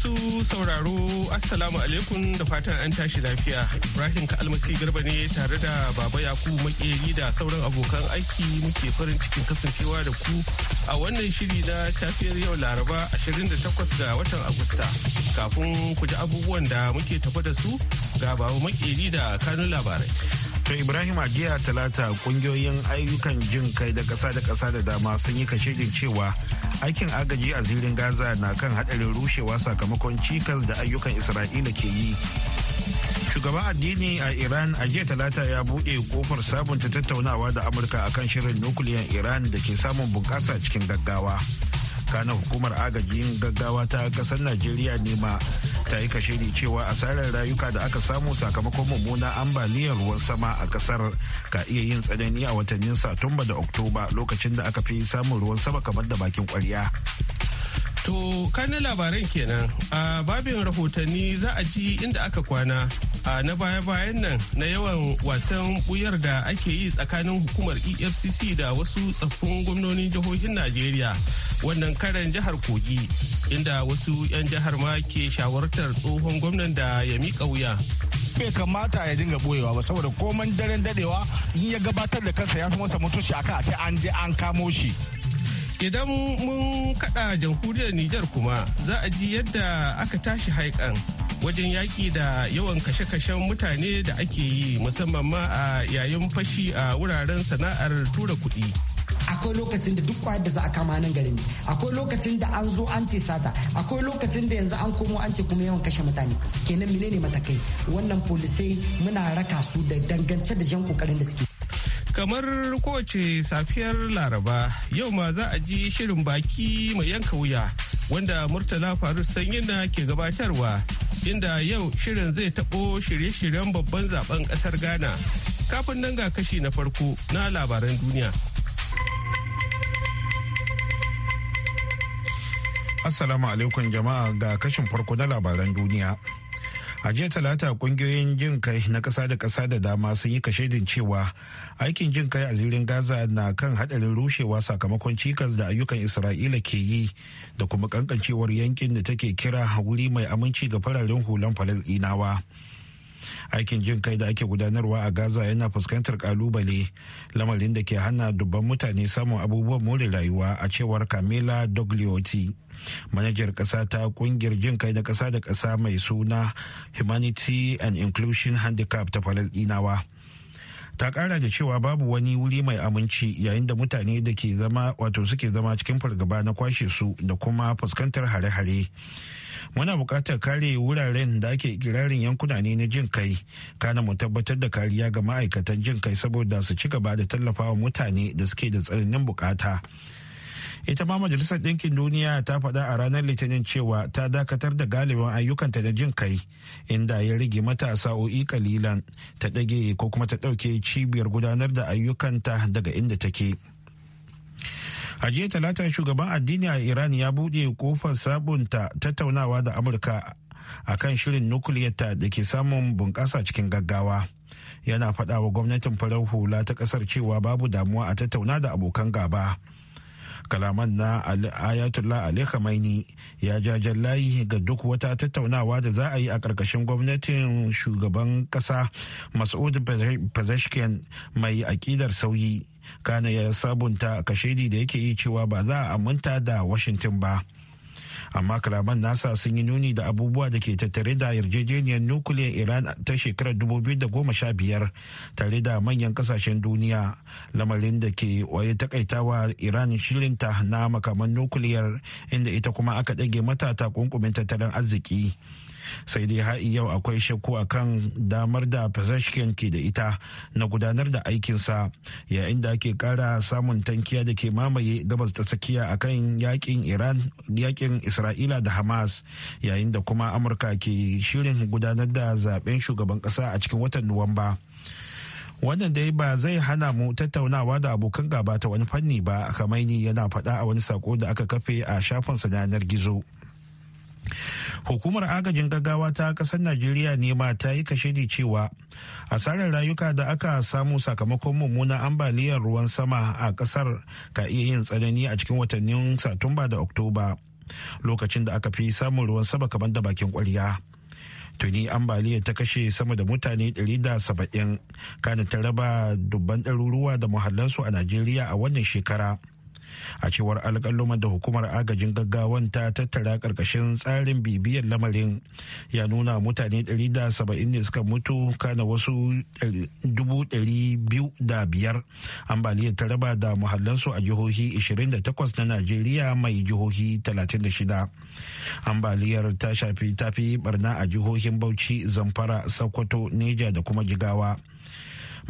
Masu sauraro Assalamu alaikum da fatan an tashi lafiya. Ibrahim almasi Garba ne tare da Baba Yakubu Makeri da sauran abokan aiki muke farin cikin kasancewa da ku a wannan shiri na safiyar yau Laraba 28 ga watan Agusta. Kafin ku ji abubuwan da muke tafa da su ga Baba Makeri da kanun labarai. To Ibrahim a jiya talata kungiyoyin ayyukan jin kai da ƙasa da ƙasa da dama sun yi kashedin cewa aikin agaji a zirin Gaza na kan hadarin rushewa sakamakon cikas da ayyukan Isra'ila ke yi. Shugaban addini a Iran a jiya talata ya buɗe kofar sabunta tattaunawa da Amurka akan shirin nukiliyan Iran da ke samun bunƙasa cikin gaggawa. kana hukumar agajin gaggawa ta kasar najeriya ma ta yi kashe ne cewa asarar rayuka da aka samu sakamakon mummuna ambaliyar ruwan sama a kasar ka iya yin tsanani a watannin satumba da oktoba lokacin da aka fi samun ruwan sama kamar da bakin kwarya to kanin labaran kenan a babin rahotanni za a ji inda aka kwana a na baya-bayan nan na yawan wasan buyar da ake yi tsakanin hukumar efcc da wasu tsaffin gwamnonin jihohin najeriya wannan karan jihar kogi inda wasu 'yan jihar ma ke shawartar tsohon gwamnan da ya miƙa wuya bai kamata ya dinga boyewa ba saboda koman daren dadewa in ya gabatar da kansa ya fi masa mutunci akan a ce an je an kamo shi idan mun kada jamhuriyar Nijar kuma za a ji yadda aka tashi haikan wajen yaƙi da yawan kashe-kashen mutane da ake yi musamman ma a yayin fashi a wuraren sana'ar tura kuɗi. akwai lokacin da duk kwayar da za a kama nan garin akwai lokacin da an zo an ce sata akwai lokacin da yanzu an komo an ce kuma yawan kashe mutane kenan menene matakai wannan polisai muna raka su da dangance da jan kokarin da suke kamar kowace safiyar laraba yau ma za a ji shirin baki mai yanka wuya wanda murtala faru sanyi na ke gabatarwa inda yau shirin zai taɓo shirye-shiryen babban zaben ƙasar Ghana. Kafin nan ga kashi na farko na labaran duniya. Assalamu alaikum jama'a ga kashin farko na labaran duniya. a jiya talata kungiyoyin jin kai na ƙasa da ƙasa da dama sun yi kashedin cewa aikin jin kai a zirin gaza na kan hadarin rushewa sakamakon cikas da ayyukan isra'ila ke yi da kuma kankancewar yankin da take kira wuri mai aminci ga fararen hulan falasɗinawa. aikin jin kai da ake gudanarwa a gaza yana fuskantar kalubale lamarin da ke hana dubban mutane samun abubuwan more rayuwa a cewar camila dogliotti manajar kasa ta kungiyar jin kai da kasa da kasa mai suna humanity and inclusion handicap ta falasdinawa ta kara da cewa babu wani wuri mai aminci yayin da mutane da ke zama wato suke zama cikin fargaba na kwashe su da kuma fuskantar hare-hare muna buƙatar kare wuraren da ake kirarin yankuna ne na jin kai kana mu tabbatar da kariya ga ma'aikatan jin kai saboda su ci gaba da tallafawa mutane da suke da tsananin bukata ita ma majalisar ɗinkin duniya ta faɗa a ranar litinin cewa ta dakatar da galibin ayyukanta na jin kai inda ya rage mata sa'o'i kalilan ta ɗage ko kuma ta ɗauke cibiyar gudanar da ayyukanta daga inda take a jiya talata shugaban addini a iran ya buɗe kofar sabunta tattaunawa da amurka a kan shirin nukiliyarta da ke samun bunƙasa cikin gaggawa yana faɗa wa gwamnatin farar hula ta ƙasar cewa babu damuwa a tattauna da abokan gaba kalaman na ayatollah ali khamenei ya jajen layi ga duk wata tattaunawa da za a yi a ƙarƙashin gwamnatin shugaban ƙasa mas'ud pezeshkian mai aƙidar sauyi kana ya sabunta kashedi da yake yi cewa ba za a aminta da washington ba amma kalaman nasa sun yi nuni da abubuwa da ke tattare da yarjejeniyar nukiliyar iran ta shekarar 2015 tare da manyan kasashen duniya lamarin da ke waye takaitawa iran shirinta na makaman nukiliyar inda ita kuma aka ɗage mata takunkumin tattalin arziki sai dai har yau akwai shakku akan damar da Pezeshkian ke da ita na gudanar da aikinsa yayin da ake kara samun tankiya da ke mamaye gabas ta tsakiya akan yakin iran yakin tsakanin isra'ila da hamas yayin da kuma amurka ke shirin gudanar da zaben shugaban kasa a cikin watan nuwamba wannan dai ba zai hana mu tattaunawa da abokan gaba ta wani fanni ba kamaini yana faɗa a wani sako da aka kafe a shafin sa yanar gizo hukumar agajin gaggawa ta kasar najeriya ne ma ta yi kashedi cewa asarar rayuka da aka samu sakamakon mummunan ambaliyar ruwan sama a kasar ka iya yin tsanani a cikin watannin satumba da oktoba lokacin da aka fi samun ruwan sama kamar da bakin kwarya tuni ambaliya ta kashe sama da mutane 170 kana ta raba dubban ɗaruruwa da muhallansu a najeriya a wannan shekara a cewar alƙaluma da hukumar agajin gaggawa ta tattara ƙarƙashin tsarin bibiyar lamarin ya nuna mutane 170 ne suka mutu kana wasu biyar. ambaliyar ta raba da muhallansu a jihohi 28 na najeriya mai jihohi 36 ambaliyar ta shafi tafi barna a jihohin bauchi zamfara sokoto neja da kuma jigawa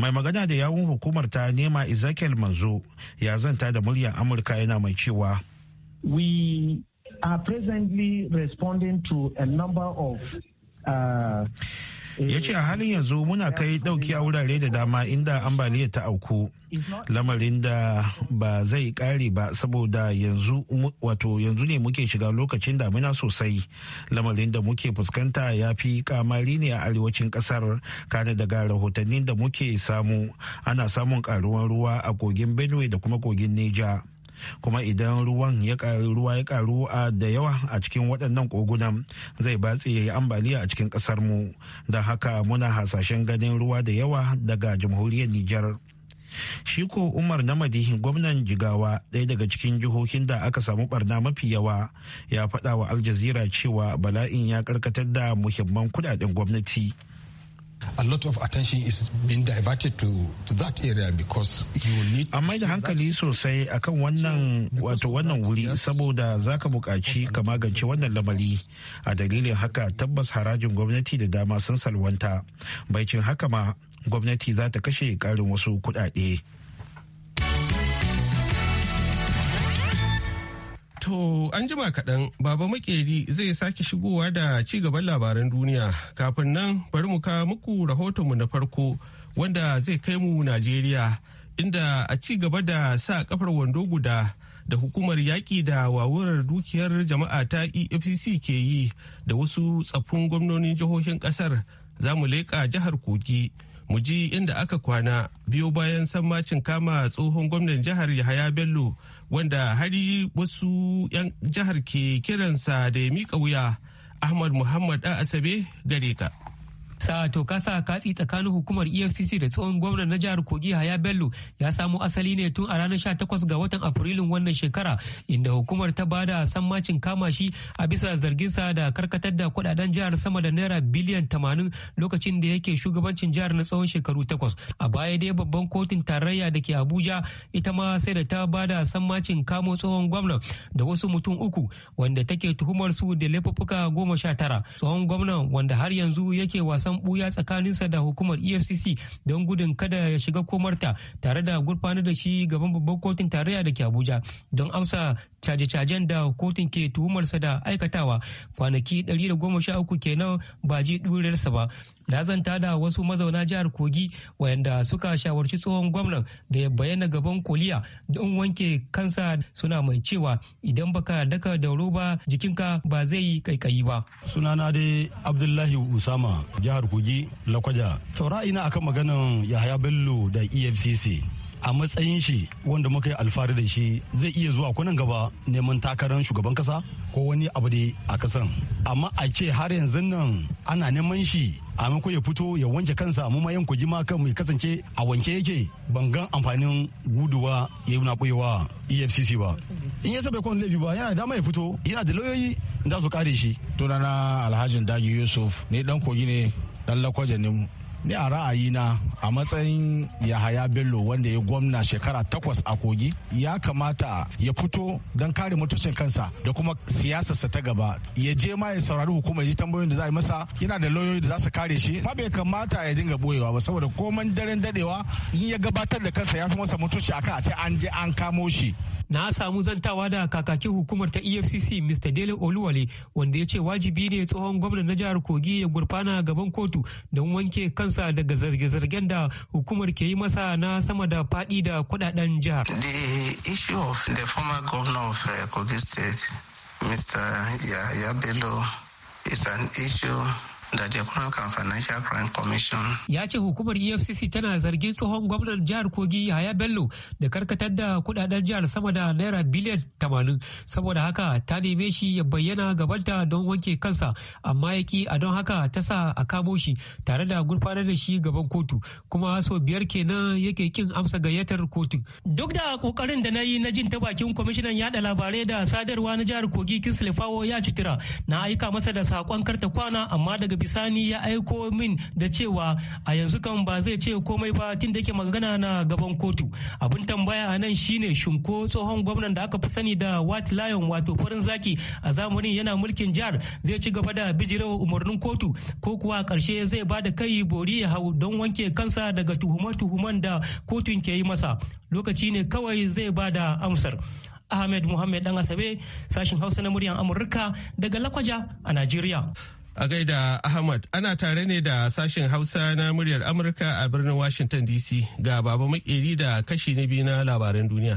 mai magana da yawun hukumar ta nema ezekiel manzo ya zanta da muryar amurka yana mai cewa we are presently responding to a number of uh, ya ce a halin yanzu muna kai dauki a wurare da dama inda ambaliya ta auku lamarin da ba zai kare ba saboda yanzu wato yanzu ne muke shiga lokacin damina sosai lamarin da muke fuskanta ya fi kamari ne a arewacin kasar kane daga rahotannin da muke samu ana samun karuwan ruwa a kogin benue da kuma kogin neja kuma idan ruwan ya ruwa ya karu da yawa a cikin waɗannan kogunan zai batse ya yi ambaliya a cikin ƙasar mu don haka muna hasashen ganin ruwa da yawa daga jamhuriyar Nijar. Shi ko Umar Namadi gwamnan Jigawa ɗaya daga cikin jihohin da aka samu barna mafi yawa ya faɗa wa Aljazira cewa bala'in ya karkatar da muhimman kudaden gwamnati. a of attention is being diverted to, to that area mai da hankali sosai akan wannan wato wannan wuri saboda za ka buƙaci ka magance wannan lamari a dalilin haka tabbas harajin gwamnati da dama sun salwanta baicin haka ma gwamnati za ta kashe ƙarin wasu kuɗaɗe. To an jima kaɗan baba makeri zai sake shigowa da ci gaban labaran duniya kafin nan bari mu ka muku rahotonmu na farko wanda zai kai mu Najeriya inda a ci gaba da sa kafar wando guda da hukumar yaƙi da wawurar dukiyar jama'a ta EFCC ke yi da wasu tsaffin gwamnonin jihohin ƙasar za mu leƙa jihar Kogi. Mu ji inda aka kwana biyo bayan sammacin kama tsohon gwamnan jihar Yahaya Bello wanda hari wasu 'yan jihar ke kiransa da ya mika wuya ahmad muhammad ɗan asabe gare ka. Sa'a to kasa katsi tsakanin hukumar EFCC da tsohon gwamnan na jihar Kogi Haya Bello ya samo asali ne tun a ranar 18 ga watan Afrilun wannan shekara inda hukumar ta bada sammacin kama shi a bisa zarginsa da karkatar da kudaden jihar sama da naira biliyan 80 lokacin da yake shugabancin jihar na tsawon shekaru takwas. A baya dai babban kotun tarayya da ke Abuja ita ma sai da ta bada sammacin kamo tsohon gwamnan da wasu mutum uku wanda take tuhumar su da laifuffuka goma sha tara. Tsohon gwamnan wanda har yanzu yake wasan matakan buya tsakaninsa da hukumar efcc don gudun kada ya shiga komarta tare da gurfanar da shi gaban babban kotun tarayya da ke abuja don amsa caje-cajen da kotun ke tuhumarsa da aikatawa kwanaki 113 kenan ba ji ɗurarsa ba na zanta da wasu mazauna jihar kogi wayanda suka shawarci tsohon gwamnan da ya bayyana gaban koliya don wanke kansa suna mai cewa idan baka daka da ba jikinka ba zai yi kaikayi ba sunana dai abdullahi usama jihar kogi lakwaja saura ina akan maganin yahaya bello da efcc a matsayin shi wanda muka yi alfahari da shi zai iya zuwa kunan gaba neman takarar shugaban kasa ko wani abu da a kasan amma a ce har yanzu nan ana neman shi a maimakon ya fito ya wanke kansa mu ma yanku jima kan mai kasance a wanke yake ban gan amfanin guduwa ya yi naƙuyewa efcc ba in ya bai kwan laifi ba yana dama ya fito yana da lauyoyi da su kare shi tunana alhajin dagi yusuf ne dan kogi ne dan lakwajen ne ni a ra'ayina a matsayin yahaya bello wanda ya gwamna shekara takwas a kogi ya kamata ya fito don kare mutuncin kansa da kuma siyasarsa ta gaba ya je ma ya saurari hukumar ji tambayoyin da za a masa yana da lauyoyi da za su kare shi ba bai kamata ya dinga boyewa ba saboda komai daren dadewa in ya gabatar da kansa ya fi masa mutunci akan a ce an je an kamo shi na samu zantawa da kakakin hukumar ta efcc mr dele oluwale wanda ya ce wajibi ne tsohon gwamnan na jihar kogi ya gurfana gaban kotu don wanke kan kansa daga zarge-zargen da hukumar ke yi masa na sama da faɗi da kudaden jihar. The issue of the former governor of uh, Kogi State, Mr. Yaya is an issue da Financial Crime Commission. Ya ce hukumar EFCC tana zargin tsohon gwamnan jihar Kogi Yaya Bello da karkatar da kudaden jihar sama da naira biliyan tamanin saboda haka ta neme shi ya bayyana gabanta don wanke kansa amma ya ki a don haka ta sa a kamo shi tare da gurfanar da shi gaban kotu kuma sau biyar kenan yake kin amsa gayyatar kotu. Duk da kokarin da na yi na jin ta bakin kwamishinan yada labarai da sadarwa na jihar Kogi Kislefawo ya citira na aika masa da sakon karta kwana amma daga bisani ya aiko min da cewa a yanzu kan ba zai ce komai ba tun da yake magana na gaban kotu abin tambaya a nan shine shinko tsohon gwamnan da aka fi sani da wat lion wato farin zaki a zamanin yana mulkin jihar zai ci gaba da bijirewa umarnin kotu ko kuwa karshe zai ba da kai bori ya hau don wanke kansa daga tuhume tuhuman da kotun ke yi masa lokaci ne kawai zai ba da amsar ahmed muhammed dan asabe sashin hausa na muryan amurka daga lakwaja a najeriya A gaida Ahmad ana tare ne da sashen Hausa na muryar Amurka a birnin Washington DC ga baba makeri da kashi na biyu na labaran duniya.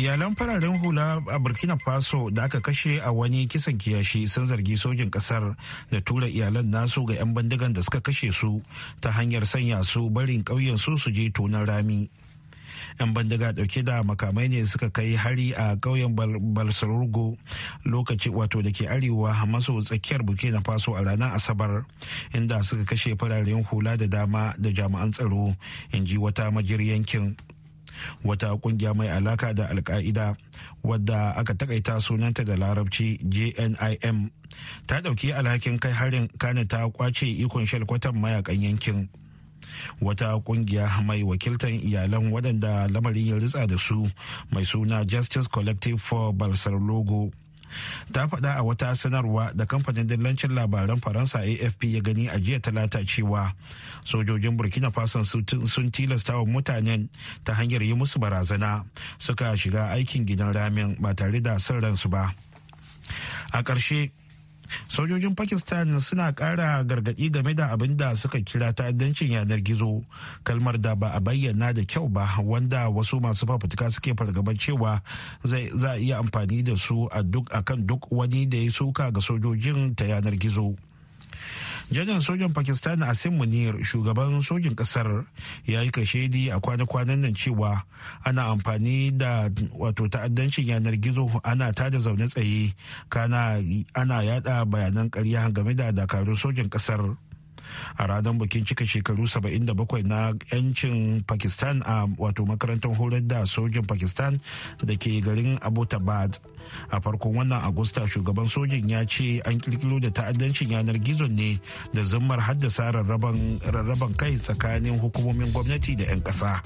Iyalan fararen hula a Burkina Faso da aka kashe a wani kisan kiyashi sun zargi sojin kasar da tura iyalan nasu ga 'yan bindigan da suka kashe su ta hanyar sanya su barin ƙauyen su su je tonon rami. 'yan bandiga dauke da makamai ne suka kai hari a ƙauyen balsarurgo lokaci wato da ke arewa maso tsakiyar burkina faso a ranar asabar inda suka kashe fararen hula da dama da jami'an tsaro in ji wata majir yankin wata kungiya mai alaka da alka'ida wadda aka takaita sunanta da larabci jnim ta dauki alhakin kai harin kane ta kwace ikon shalkwatan mayakan yankin wata kungiya mai wakiltar iyalan waɗanda lamarin ya ritsa da su mai suna justice collective for barcelona ta faɗa a wata sanarwa da kamfanin dillancin labaran faransa afp ya gani a jiya talata cewa sojojin burkina faso sun tilasta wa mutanen ta hanyar yi musu barazana suka shiga aikin gidan ramin ba tare da ransu ba a ƙarshe sojojin pakistan suna kara gargadi game da abin da suka kira ta'addancin yanar gizo kalmar da ba a bayyana da kyau ba wanda wasu masu fafutuka suke fargabar cewa za a iya amfani da su a kan duk wani da ya suka ga sojojin ta yanar gizo janar sojan pakistan asim munir shugaban sojin kasar ya yi kashedi a kwana-kwanan nan cewa ana amfani da wato ta'addancin yanar gizo ana tada zaune tsaye kana ana yada bayanan karya game da dakarun sojin kasar a ranar bikin cika shekaru 77 na 'yancin pakistan a wato makarantar horar da sojin pakistan da ke garin abbottabad a farkon wannan agusta shugaban sojin ya ce an kirkiro da ta'addancin yanar gizon ne da zummar haddasa rarraban kai tsakanin hukumomin gwamnati da 'yan ƙasa.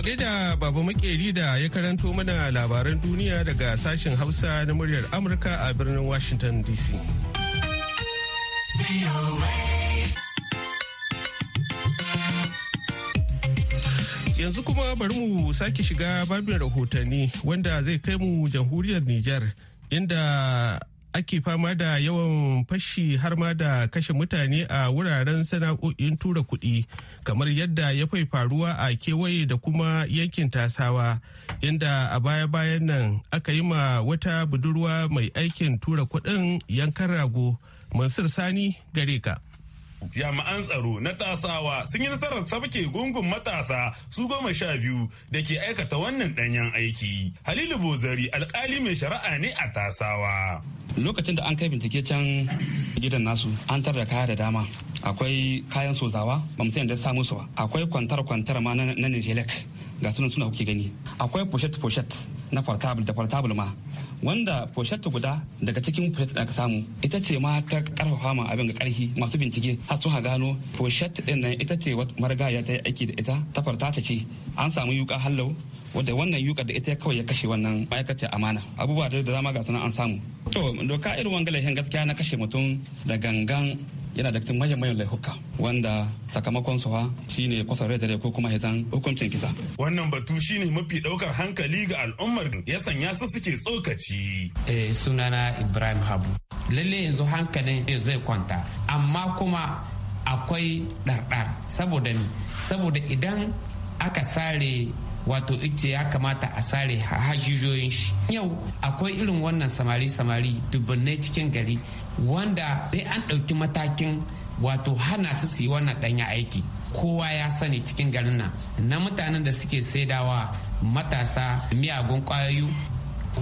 a gaida Baba Makeri da ya karanto mana labaran duniya daga sashen Hausa na muryar Amurka a birnin Washington DC. Yanzu kuma bari mu sake shiga babin rahotanni wanda zai kai mu jamhuriyar Nijar. inda ake fama da yawan fashi har ma da kashe mutane a wuraren sana'o'in tura kuɗi kamar yadda ya fai faruwa a kewaye da kuma yankin tasawa inda a baya-bayan nan aka yi ma wata budurwa mai aikin tura kuɗin yankan rago mansur sani gare ka jami'an tsaro na tasawa sun yi nasarar sabke gungun matasa su goma sha biyu da ke aikata wannan danyen aiki halilu bozari alkali mai shari'a ne a tasawa lokacin da an kai bincike can gidan nasu an tar da kaya da dama akwai kayan sozawa ba mu da samu su ba akwai kwantar kwantar ma na nijelek ga sunan suna kuke gani akwai pochette pochette na portable da portable ma wanda pochette guda daga cikin pochette da aka samu ita ce ma ta karfafa ma abin ga karfi masu bincike har sun gano pochette din nan ita ce marigaya ta yi aiki da ita ta ce an samu yuka hallau wanda wannan yuka da ita kawai ya kashe wannan ma'aikacin amana abubuwa da dama ga sunan an samu to doka irin wangalahin gaskiya na kashe mutum da gangan yana da cikin manyan manyan laifuka wanda sakamakon su ha shine kusa rai dare ko kuma hizan hukuncin kisa wannan batu shine mafi daukar hankali ga al'ummar ya sanya su suke tsokaci eh sunana Ibrahim Habu lalle yanzu hankalin zai kwanta amma kuma akwai ɗarɗar saboda saboda idan aka sare wato ita ya kamata a sare hajijoyin shi yau akwai irin wannan samari samari dubbannai cikin gari wanda sai an ɗauki matakin wato hana su su yi wannan ɗanya aiki kowa ya sani cikin garin nan na mutanen da suke saidawa matasa miyagun kwayoyi.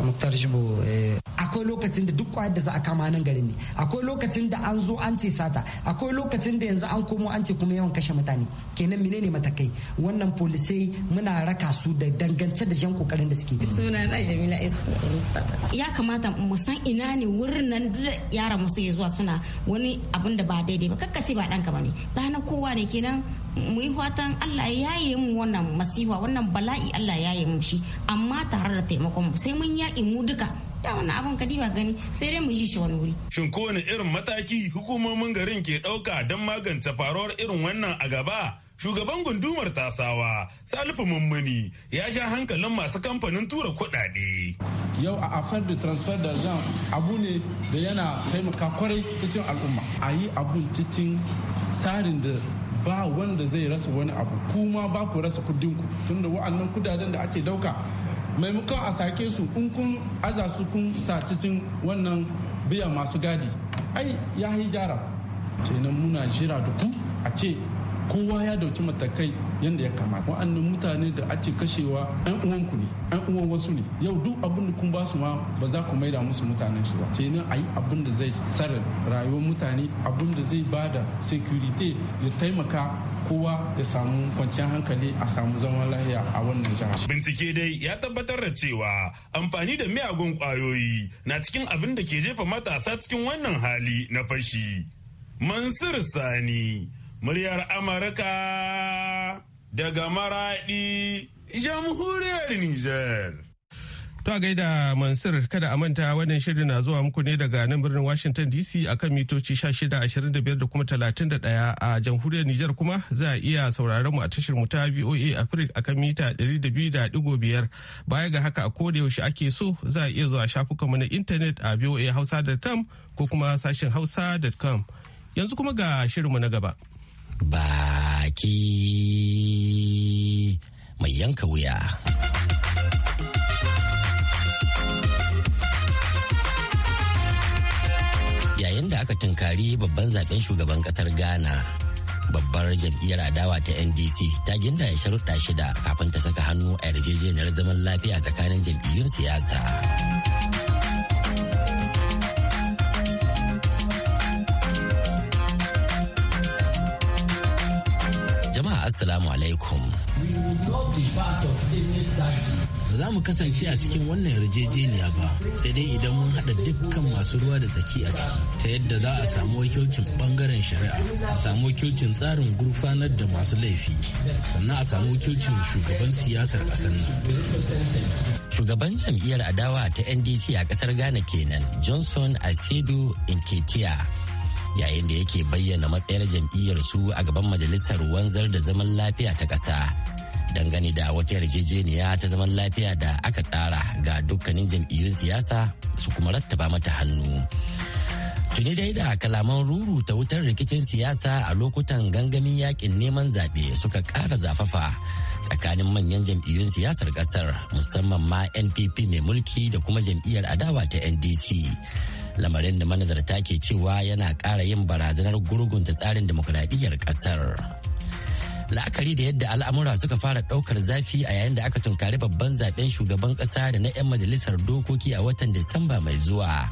muktar jibo eh. akwai lokacin da duk kwayar da za a kama nan garin ne akwai lokacin da an zo an ce sata akwai lokacin da yanzu an komo an ce kuma yawan kashe mutane kenan menene matakai wannan polisai muna raka su da dangance da jan kokarin da suke suna na jamila ya kamata mu san ina ne wurin nan da yara musu ya zuwa suna wani abun da ba daidai ba kakkace ba danka bane ɗana kowa ne kenan mu yi fatan Allah ya yaye mu wannan masifa wannan bala'i Allah ya yaye mu shi amma tare da taimakon mu sai mun yaƙi mu duka da wannan abin ka ba gani sai dai mu ji shi wani wuri. Shin kowane irin mataki hukumomin garin ke ɗauka don magance faruwar irin wannan a gaba? shugaban gundumar tasawa salifu mummuni ya sha hankalin masu kamfanin tura kuɗaɗe. yau a afar da transfer da zan abu ne da yana taimaka kwarai cikin al'umma a yi abun cikin tsarin da ba wanda zai rasa wani abu kuma ba ku rasa kudinku tunda wa'annan kudaden da ake dauka maimakon a sake su in kun aza su kun sa cikin wannan biya masu gadi ai ya yi gyara kenan muna jira da ku a ce kowa ya dauki matakai yadda ya kamata wa'annan mutane da ake kashewa yan uwanku ne yan uwan wasu ne yau duk abin da kun ba ma ba za ku maida musu mutanen su ba kenan a yi abin da zai sarar rayuwar mutane abin da zai bada security ya taimaka kowa ya samu kwanciyar hankali a samu zaman lahiya a wannan jihar. Bincike dai ya tabbatar da cewa amfani da miyagun kwayoyi na cikin abin da ke jefa matasa cikin wannan hali na fashi. Mansur Sani, muryar Amurka daga Maraɗi, jamhuriyar Nijar. To a gaida Mansur kada a manta wannan shirin na zuwa muku ne daga nan birnin Washington DC akan mitoci 1625 da kuma 31 a jamhuriyar Nijar kuma za a iya sauraron mu a tashar mu ta VOA Africa akan mita 200.5 baya ga haka a koda yaushe ake so za a iya zuwa shafukanmu na intanet a voahausa.com ko kuma sashin hausa.com yanzu kuma ga shirinmu na gaba. baki mai yanka wuya. Yayin da aka tunkari babban zaben shugaban kasar Ghana, babbar jam'iyyar adawa ta NDC ta ginda ya sharuɗa shida kafin ta saka hannu a yarjejeniyar zaman lafiya tsakanin jam'iyyun siyasa. Assalamu alaikum. Ba za mu kasance a cikin wannan yarjejeniya ba sai dai idan mun haɗa dukkan masu ruwa da tsaki a ciki ta yadda za a samu wakilcin bangaren shari'a a samu wakilcin tsarin gurfanar da masu laifi sannan a samu wakilcin shugaban siyasar ƙasar nan. Shugaban jam'iyyar adawa ta NDC a ƙasar Ghana kenan Johnson Asedu Inketia yayin da yake bayyana matsayar jam'iyyar su a gaban majalisar wanzar da zaman lafiya ta ƙasa dangane da wata yarjejeniya ta zaman lafiya da aka tsara ga dukkanin jam'iyyun siyasa su kuma rattaba mata hannu tuni dai da kalaman ruru ta wutar rikicin siyasa a lokutan gangamin yakin neman zaɓe suka ƙara zafafa tsakanin manyan jam'iyyun siyasar ƙasar musamman ma npp mai mulki da kuma jam'iyyar adawa ta ndc lamarin da manazarta ke cewa yana ƙara yin barazanar gurgunta tsarin demokuraɗiyyar ƙasar. la'akari da yadda al'amura suka fara ɗaukar zafi a yayin da aka tunkari babban zaben shugaban ƙasa da na 'yan majalisar dokoki a watan disamba mai zuwa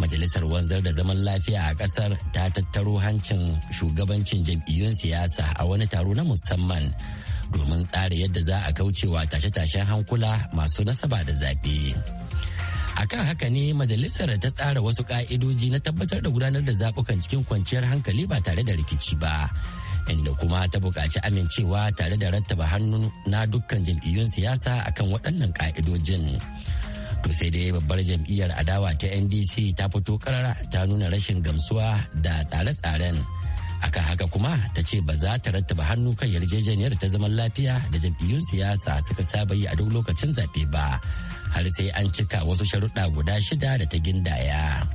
majalisar wanzar da zaman lafiya a ƙasar ta tattaro hancin shugabancin jam'iyyun siyasa a wani taro na musamman domin tsara yadda za a kaucewa tashe-tashen hankula masu nasaba da zaɓe. akan haka ne majalisar ta tsara wasu ka'idoji na tabbatar da gudanar da zabukan cikin kwanciyar hankali ba tare da rikici ba inda kuma ta buƙaci amincewa tare da rattaba hannu na dukkan jam'iyyun siyasa akan waɗannan ka'idojin to sai dai babbar jam'iyyar adawa ta ndc ta fito karara ta nuna rashin gamsuwa da tsare-tsaren akan haka kuma ta ce ba za ta rattaba hannu kan yarjejeniyar ta zaman lafiya da jam'iyyun siyasa suka saba yi a duk lokacin zaɓe ba har sai an cika wasu sharuɗa guda shida da ta gindaya.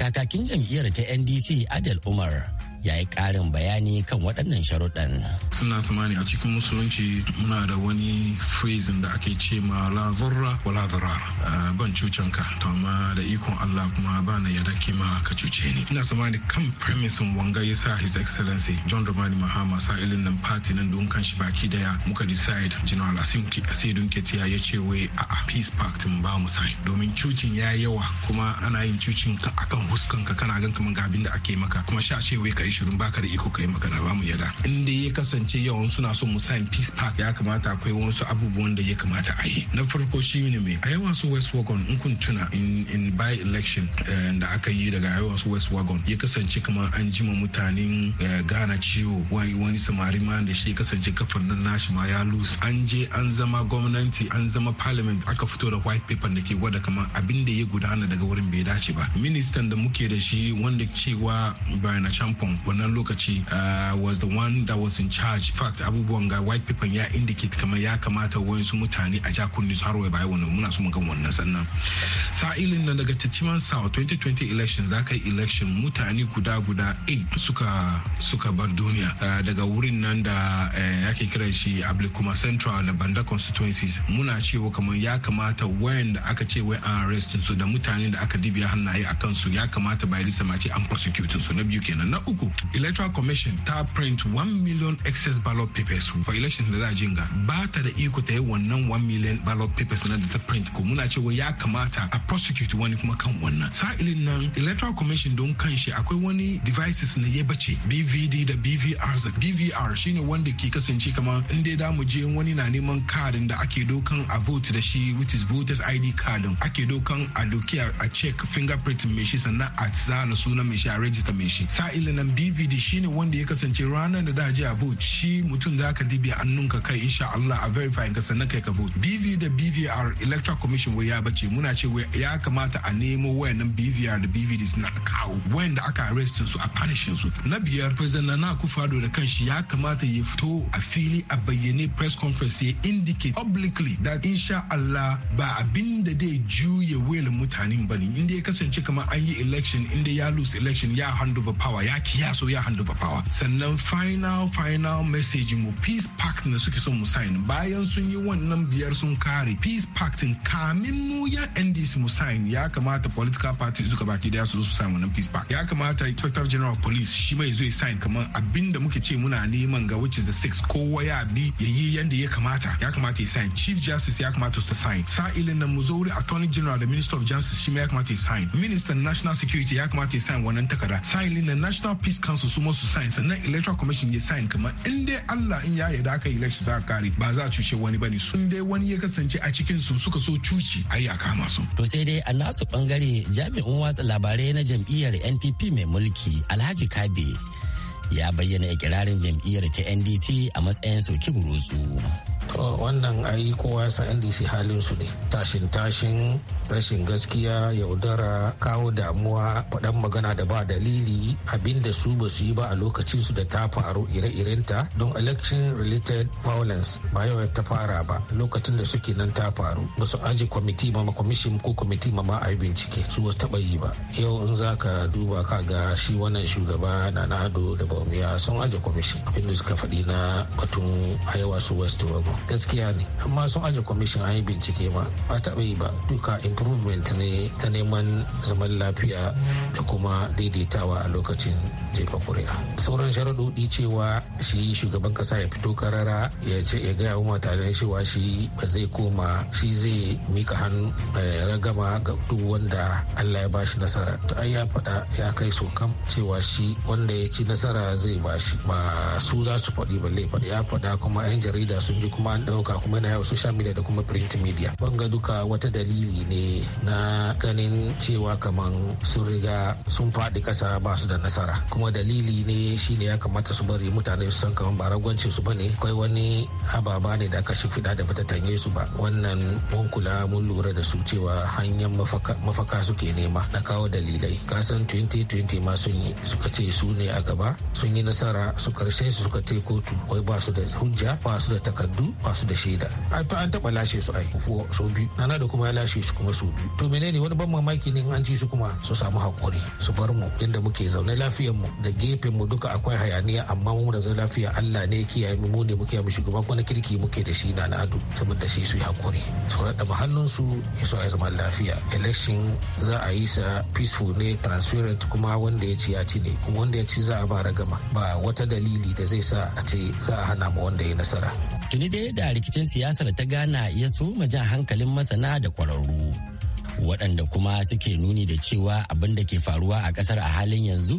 Kakakin jam'iyyar ta NDC Adel Umar ya yi ƙarin bayani kan waɗannan sharuɗan. Suna samani a cikin musulunci muna da wani phrasing da ake ce ma la zurra wa la ban cucan ka to amma da ikon Allah kuma ba na yarda ke ma ka cuce ni. Ina samani kan premisin wanga ya sa His Excellency John Dramani Mahama ilin nan party nan don kan shi baki daya muka decide General Asim Asidun Ketiya ya ce wai a peace pact mun ba mu sai domin cucin ya yawa kuma ana yin cucin ka akan huskan ka kana gan kaman ga abin da ake maka kuma sha ce wai ka ishirin baka da iko kai magana ba mu yada inda ya kasance yawan suna son mu sign peace pact ya kamata akwai wasu abubuwan da ya kamata a yi na farko shi ne mai a yawan su west wagon in kun tuna in by election eh, da aka yi daga yawan su west wagon ya kasance kama an jima mutanen eh, ghana ciwo wani samari ma da shi kasance kafin nan nashi ma ya lose an je an zama gwamnati an zama parliament aka fito da white paper da ke gwada kama. abin da ya gudana daga wurin bai dace ba ministan da muke da shi wanda cewa Brian Champon wannan lokaci uh, was the one that was in charge fact abubuwan ga white people ya indicate kamar ya kamata su mutane a jakunni su har wai bai wannan muna so mu ga wannan sannan sa'ilin na daga Tatiman sa 2020 election za ka yi election mutane guda guda 8 suka suka bar duniya uh, daga wurin nan da yake eh, kiran shi Ablikuma Central da Banda constituencies muna cewa kamar ya kamata wayan da aka ce wai an arrest su da mutane da aka dibiya hannaye akan su ya kamata bai lisa ma an prosecute su na biyu kenan na uku electoral commission ta print 1 million excess ballot papers for election da dajin ga ba ta da iko ta yi wannan 1 million ballot papers na da ta print ko muna cewa ya kamata a prosecute wani kuma kan wannan sa'ilin nan electoral commission don kanshi akwai wani devices na ya bace bvd da bvr bvr shine wanda ke kasance kama in dai da mu je wani na neman kadin da ake dokan a vote da shi which is voters id card ake dokan a doki a check fingerprint mai shi sannan a zana sunan mai shi a register mai shi sa'ilin nan dvd shine wanda ya kasance ranar da daji a vote shi mutum da aka dibi annunka kai insha Allah a verify ka sannan kai ka vote bv da bvr electoral commission wai ya bace muna ce ya kamata a nemo wayannan bvr da bvd suna kawo wayanda aka arrest su a punish su na biyar president nana akufado da kanshi ya kamata ya fito a fili a bayyane press conference ya indicate publicly that insha Allah ba abin da dai juya wayar mutanen bane inda ya kasance kamar an yi election inda ya lose election ya hand over power ya kiya daya so ya handle power sannan final final message mu peace pact na suke son mu sign bayan sun yi wannan biyar sun kare peace pact kamin mu ya NDC mu sign ya kamata political parties duka baki daya su zo su sign wannan peace pact ya kamata inspector general police shi mai zai sign kamar abin da muke ce muna neman ga which is the six kowa ya bi ya yi yanda ya kamata ya kamata ya sign chief justice ya kamata su ta sign sa nan na muzuri attorney general da minister of justice shi ma ya kamata ya sign minister national security ya kamata ya sign wannan takarda sa'ilin na national peace police council su masu sign sannan electoral commission ya sign kamar in dai Allah in ya yarda aka yi election za kare ba za a cuce wani bane su dai wani ya kasance a cikin su suka so cuci ai a kama su to sai dai a nasu bangare jami'in watsa labarai na jam'iyyar NPP mai mulki Alhaji Kabe ya bayyana ikirarin jam'iyyar ta NDC a matsayin soki burutsu. to wannan ayi kowa ya san ndc halin su ne tashin tashin rashin gaskiya yaudara kawo damuwa faɗan magana da ba dalili abinda su ba su yi ba a lokacin su da ta faru ire iren ta don election related violence ba yau ta fara ba lokacin da suke nan ta faru ba su aji kwamiti ma kwamishin ko kwamiti ma ba yi bincike su wasu taɓa yi ba yau in za ka duba ka ga shi wannan shugaba na nado da baumiya sun aji kwamishin abinda suka faɗi na batun haiwa su west wago gaskiya ne amma sun aje kwamishin an yi bincike ba ba taɓa yi ba duka improvement ne ta neman zaman lafiya da kuma daidaitawa a lokacin jefa kuri'a sauran sharaɗoɗi cewa shi shugaban kasa ya fito karara ya ce ya gaya wa mutanen cewa shi ba zai koma shi zai mika hannu eh, ragama ga duk wanda Allah ya bashi nasara to ai ya faɗa ya kai so kam cewa shi wanda ya ci nasara zai bashi ba su za su faɗi balle faɗi ya faɗa kuma 'yan jarida sun ji kuma kuma an ɗauka kuma na yawa social media da kuma print media banga duka wata dalili ne na ganin cewa kaman sun riga sun faɗi kasa ba su da nasara kuma dalili ne shine ya kamata su bari mutane su san kaman ba ragwancin su bane akwai wani ababa ne da aka fida da bata tanye su ba wannan mun kula mun lura da su cewa hanyar mafaka suke nema na kawo dalilai kasan 2020 ma sun yi suka ce su ne a gaba sun yi nasara su karshe su suka ce kotu wai ba su da hujja ba su da takardu ba da shaida a to an taba lashe su ai so biyu nana da kuma ya lashe su kuma so biyu to menene wani ban mamaki ne an ci su kuma su samu hakuri su bar mu inda muke zaune lafiyar mu da gefen mu duka akwai hayaniya amma mu da zaune lafiya Allah ne kiyaye mu mu ne muke mu shugaban kuma kirki muke da shi na na ado saboda shi su yi hakuri su rada mahallin su ya so ya zama lafiya election za a yi sa peaceful ne transparent kuma wanda ya ci ya ci ne kuma wanda ya ci za a ba ragama ba wata dalili da zai sa a ce za a hana mu wanda ya nasara tuni dai da rikicin siyasar ta gana ya soma jan hankalin masana da kwararru waɗanda kuma suke nuni da cewa abin da ke faruwa a ƙasar a halin yanzu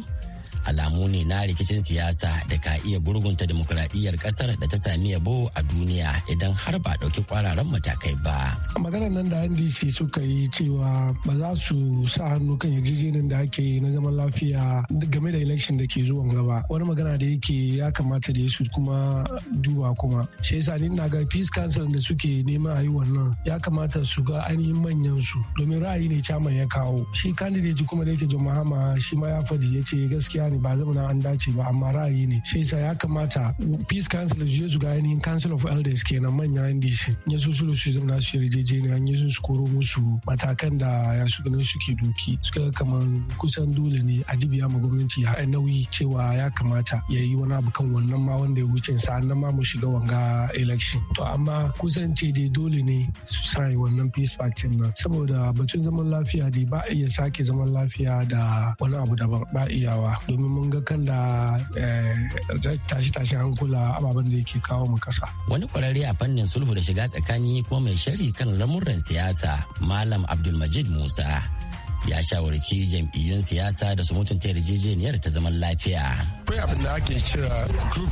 alamu ne na rikicin siyasa da ka iya gurgunta demokuraɗiyyar kasar da ta sami yabo a duniya idan har ba ɗauki kwararan matakai ba. maganar nan da ndc suka yi cewa ba za su sa hannu kan yarjejeniyar da ake yi na zaman lafiya game da election da ke zuwan gaba wani magana da yake ya kamata da su kuma duba kuma shi yasa ni na ga peace council da suke neman a yi wannan ya kamata su ga ainihin manyan su domin ra'ayi ne caman ya kawo shi candidate kuma da yake john mahama shi ma ya faɗi ya ce gaskiya ne ba zama an dace ba amma ra'ayi ne shi yasa ya kamata peace council su su ga ainihin council of elders kenan manya ndc ya su su su zauna su yarjejeniya an yi su koro musu matakan da ya su ganin suke doki suka kamar kusan dole ne a dibiya ma gwamnati ya nauyi cewa ya kamata ya yi wani abu kan wannan ma wanda ya wuce sa'an ma mu shiga wanga election to amma kusan ce dai dole ne su sai wannan peace pact nan saboda batun zaman lafiya dai ba iya sake zaman lafiya da wani abu daban ba iyawa domin mun ga kan da eh, tashi tashi hankula ababen da yake kawo mu kasa. Wani kwararre a fannin sulhu da shiga tsakani kuma mai shari kan lamuran siyasa Malam Abdulmajid Musa ya shawarci jam'iyyun siyasa da su mutunta yarjejeniyar ta zaman lafiya. Akwai abin da ake kira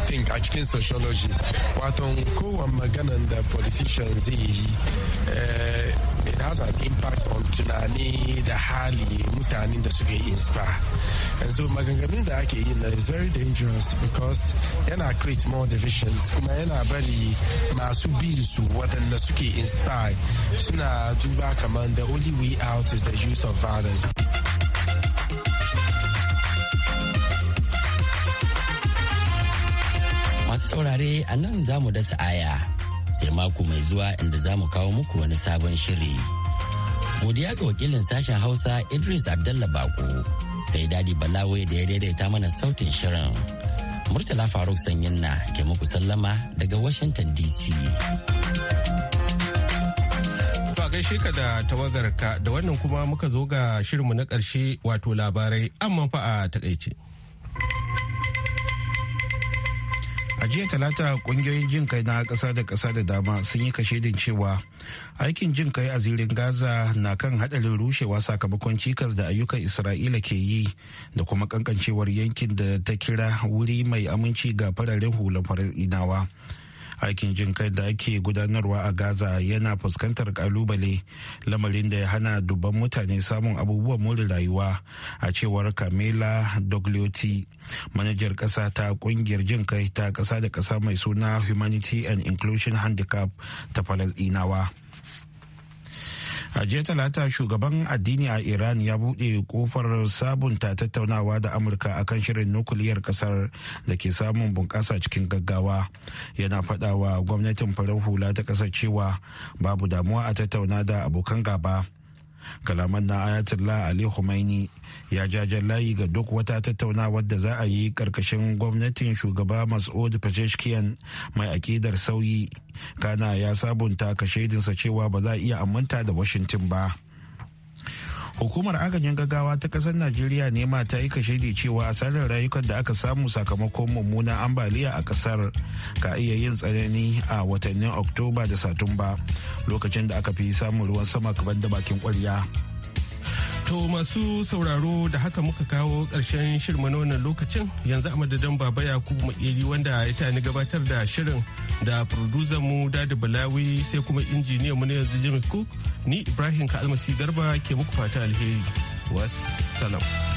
think a cikin sociology, wato kowane maganan da politician zai yi eh, it has an impact on tunani da hali mutanen da suke inspire yanzu maganganun da ake yi na is very dangerous because yana create more divisions kuma yana bari masu bin su waɗanda suke inspire suna duba kamar the only way out is the use of violence masu saurare a nan za mu dasa sai mako mai zuwa inda za mu kawo muku wani sabon shiri. Godiya ga wakilin sashen Hausa Idris Abdallah Bako sai Dadi Balawe da ya daidaita mana sautin shirin. Murtala Faruk Sanyin na ke muku sallama daga Washington DC. gaishe ka da tawagarka da wannan kuma muka zo ga shirinmu na ƙarshe wato labarai amma fa a takaice. a jiya talata kungiyoyin jin kai na ƙasa da ƙasa da dama sun yi kashedin cewa aikin jin kai a zirin gaza na kan hadarin rushewa sakamakon cikas da ayyukan isra'ila ke yi da kuma kankancewar yankin da ta kira wuri mai aminci ga fararen hula fara'inawa. inawa aikin jin kai da ake gudanarwa a gaza yana fuskantar kalubale lamarin da ya hana dubban mutane samun abubuwan more rayuwa a cewar camila dogliotti manajar kasa ta kungiyar jin kai ta kasa da kasa mai suna humanity and inclusion handicap ta inawa a jiya talata shugaban addini a iran ya buɗe kofar sabunta tattaunawa da amurka akan shirin nukuliyar kasar da ke samun bunƙasa cikin gaggawa yana faɗawa gwamnatin farar hula ta ƙasar cewa babu damuwa a tattauna da abokan gaba kalaman na ayatollah ali khomeini ya jajen layi ga duk wata tattaunawar da za a yi karkashin gwamnatin shugaba mas'ud pezeshkian mai akidar sauyi kana ya sabunta kashedinsa cewa ba za a iya aminta da washington ba hukumar agajin gaggawa ta kasar najeriya ne ta yi kashedi cewa asarar rayukan da aka samu sakamakon mummunan ambaliya a kasar ka iya yin tsanani a watannin oktoba da satumba lokacin da aka fi samun ruwan sama kaban da bakin kwarya To masu sauraro da haka muka kawo ƙarshen shirma na wannan lokacin yanzu a madadin Baba Yakubu Makeri wanda ya tani gabatar da shirin da producer mu Dadi Balawi sai kuma injiniyan mu na yanzu Jimmy Cook ni Ibrahim Kalmasi Garba ke muku fata alheri. Wassalam.